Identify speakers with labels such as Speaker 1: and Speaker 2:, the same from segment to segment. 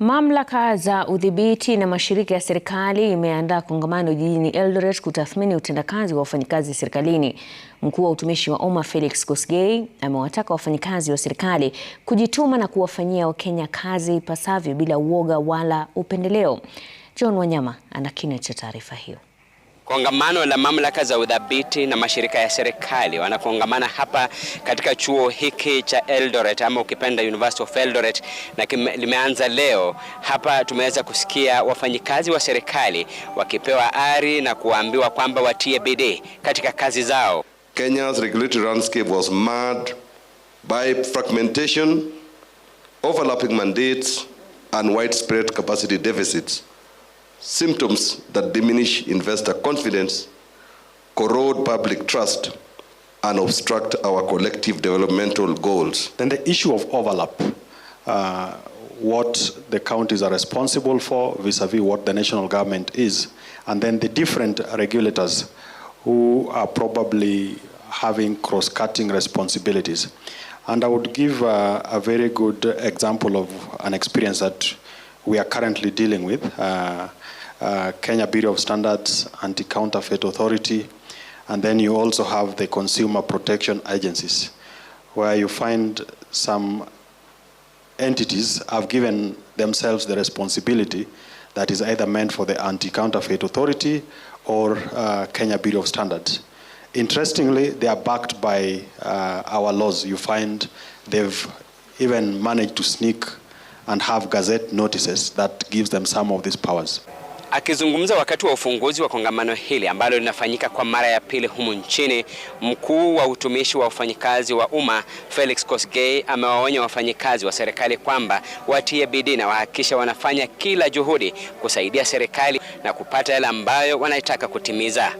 Speaker 1: Mamlaka za udhibiti na mashirika ya serikali imeandaa kongamano jijini Eldoret kutathmini utendakazi wa wafanyikazi serikalini. Mkuu wa utumishi wa umma Felix Kosgei amewataka wafanyikazi wa serikali kujituma na kuwafanyia Wakenya kazi ipasavyo bila uoga wala upendeleo. John Wanyama ana kina cha taarifa hiyo.
Speaker 2: Kongamano la mamlaka za udhibiti na mashirika ya serikali wanakongamana hapa katika chuo hiki cha Eldoret ama ukipenda University of Eldoret na limeanza leo. Hapa tumeweza kusikia wafanyikazi wa serikali wakipewa ari na kuambiwa kwamba watie bidii katika kazi zao.
Speaker 3: Kenya's regulatory landscape was marred by fragmentation, overlapping mandates and widespread capacity deficits. symptoms that diminish investor confidence, corrode public trust, and obstruct our collective developmental goals.
Speaker 4: Then the issue of overlap, uh, what the counties are responsible for vis-a-vis what the national government is, and then the different regulators who are probably having cross-cutting responsibilities. And I would give uh, a very good example of an experience that we are currently dealing with. Uh, uh, Kenya Bureau of Standards, Anti-Counterfeit Authority, and then you also have the consumer protection agencies, where you find some entities have given themselves the responsibility that is either meant for the Anti-Counterfeit Authority or uh, Kenya Bureau of Standards. Interestingly, they are backed by uh, our laws. You find they've even managed to sneak and have gazette notices that gives them some of these powers.
Speaker 2: Akizungumza wakati wa ufunguzi wa kongamano hili ambalo linafanyika kwa mara ya pili humu nchini, mkuu wa utumishi wa wafanyikazi wa umma Felix Kosgei amewaonya wafanyikazi wa serikali kwamba watie bidii na wahakikisha wanafanya kila juhudi kusaidia serikali na kupata yale ambayo wanaitaka kutimiza.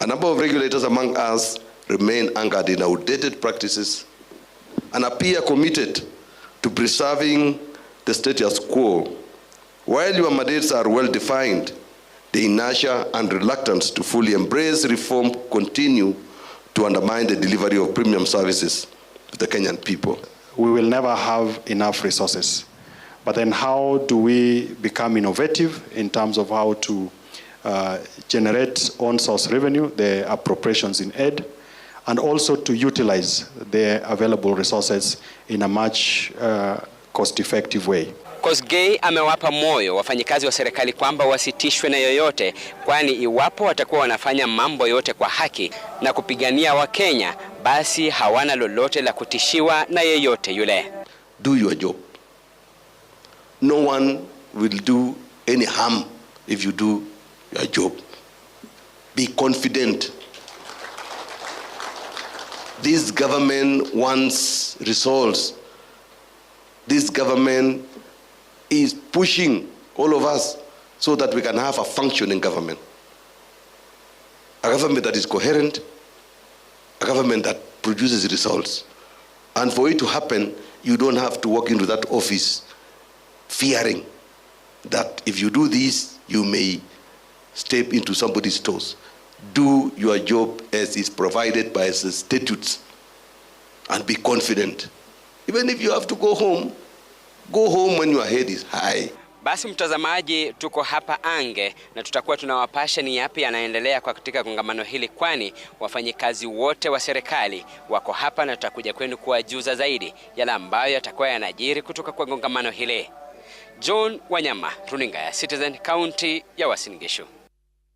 Speaker 3: A number of regulators among us remain anchored in outdated practices and appear committed to preserving the status quo. While your mandates are well defined, the inertia and reluctance to fully embrace reform continue to undermine the delivery of premium services to the Kenyan people.
Speaker 4: We will never have enough resources. But then, how do we become innovative in terms of how to uh, generate own source revenue, the appropriations in aid, and also to utilize the available resources in a much uh, cost effective way.
Speaker 2: Kosgei amewapa moyo wafanyikazi wa serikali kwamba wasitishwe na yoyote, kwani iwapo watakuwa wanafanya mambo yote kwa haki na kupigania Wakenya, basi hawana lolote la kutishiwa na yeyote yule.
Speaker 5: Do your job. No one will do any harm if you do your job. Be confident. This government wants results. this government is pushing all of us so that we can have a functioning government. A government that is coherent, a government that produces results. And for it to happen, you don't have to walk into that office fearing that if you do this, you may step into somebody's toes. Do your job as is provided by the statutes and be confident Even if you have to go home, go home when your head is high.
Speaker 2: Basi mtazamaji, tuko hapa Ange na tutakuwa tunawapasha ni yapi yanaendelea kwa katika kongamano hili, kwani wafanyikazi wote wa serikali wako hapa na tutakuja kwenu kuwajuza zaidi yale ambayo yatakuwa yanajiri kutoka kwa kongamano hili. John Wanyama, runinga ya Citizen, kaunti ya Uasin Gishu.